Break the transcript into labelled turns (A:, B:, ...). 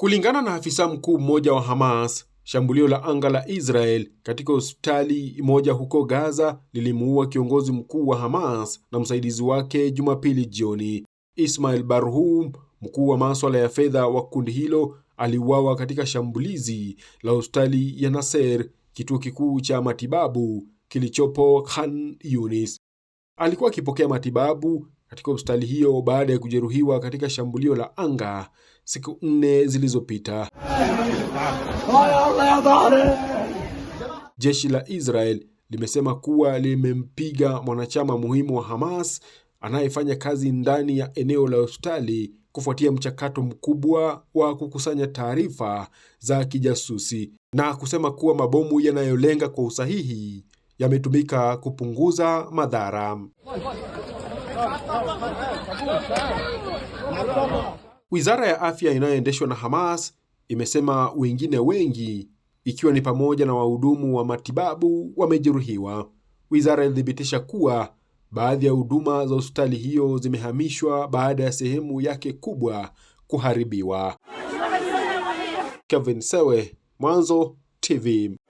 A: Kulingana na afisa mkuu mmoja wa Hamas, shambulio la anga la Israel katika hospitali moja huko Gaza lilimuua kiongozi mkuu wa Hamas na msaidizi wake Jumapili jioni. Ismail Barhum, mkuu wa masuala ya fedha wa kundi hilo, aliuawa katika shambulizi la hospitali ya Nasser, kituo kikuu cha matibabu kilichopo Khan Yunis. Alikuwa akipokea matibabu katika hospitali hiyo baada ya kujeruhiwa katika shambulio la anga siku nne zilizopita. Jeshi la Israel limesema kuwa limempiga mwanachama muhimu wa Hamas anayefanya kazi ndani ya eneo la hospitali kufuatia mchakato mkubwa wa kukusanya taarifa za kijasusi na kusema kuwa mabomu yanayolenga kwa usahihi yametumika kupunguza madhara. Wizara ya afya inayoendeshwa na Hamas imesema wengine wengi ikiwa ni pamoja na wahudumu wa matibabu wamejeruhiwa. Wizara ilithibitisha kuwa baadhi ya huduma za hospitali hiyo zimehamishwa baada ya sehemu yake kubwa kuharibiwa. Kevin Sewe, Mwanzo TV.